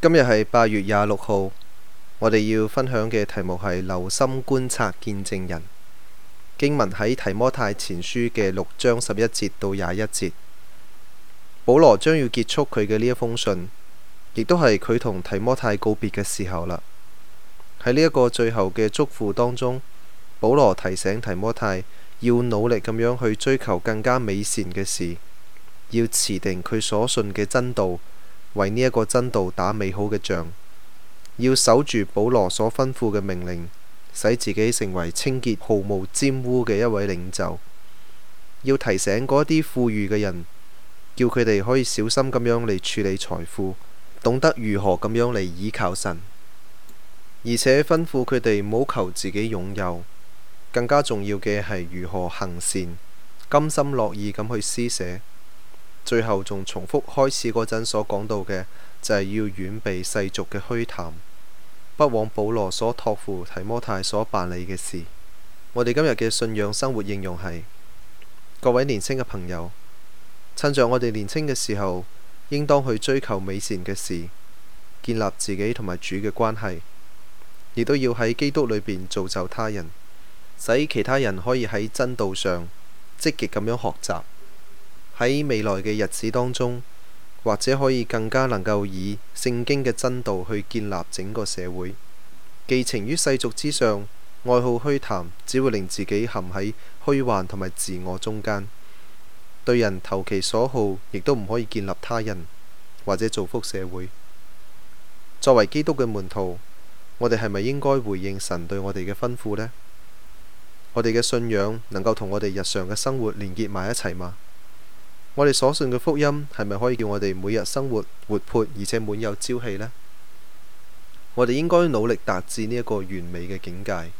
今日係八月廿六號，我哋要分享嘅題目係留心觀察見證人。經文喺提摩太前書嘅六章十一節到廿一節，保羅將要結束佢嘅呢一封信，亦都係佢同提摩太告別嘅時候啦。喺呢一個最後嘅祝福當中，保羅提醒提摩太要努力咁樣去追求更加美善嘅事，要持定佢所信嘅真道。為呢一個真道打美好嘅仗，要守住保羅所吩咐嘅命令，使自己成為清潔、毫無沾污嘅一位領袖。要提醒嗰啲富裕嘅人，叫佢哋可以小心咁樣嚟處理財富，懂得如何咁樣嚟依靠神，而且吩咐佢哋唔好求自己擁有。更加重要嘅係如何行善，甘心樂意咁去施捨。最後仲重複開始嗰陣所講到嘅，就係要遠避世俗嘅虛談，不枉保羅所託付提摩太所辦理嘅事。我哋今日嘅信仰生活應用係各位年青嘅朋友，趁著我哋年青嘅時候，應當去追求美善嘅事，建立自己同埋主嘅關係，亦都要喺基督裏邊造就他人，使其他人可以喺真道上積極咁樣學習。喺未來嘅日子當中，或者可以更加能夠以聖經嘅真道去建立整個社會。寄情於世俗之上，愛好虛談，只會令自己陷喺虛幻同埋自我中間。對人投其所好，亦都唔可以建立他人或者造福社會。作為基督嘅門徒，我哋係咪應該回應神對我哋嘅吩咐呢？我哋嘅信仰能夠同我哋日常嘅生活連結埋一齊嗎？我哋所信嘅福音，係咪可以叫我哋每日生活活潑，而且滿有朝氣呢？我哋應該努力達至呢一個完美嘅境界。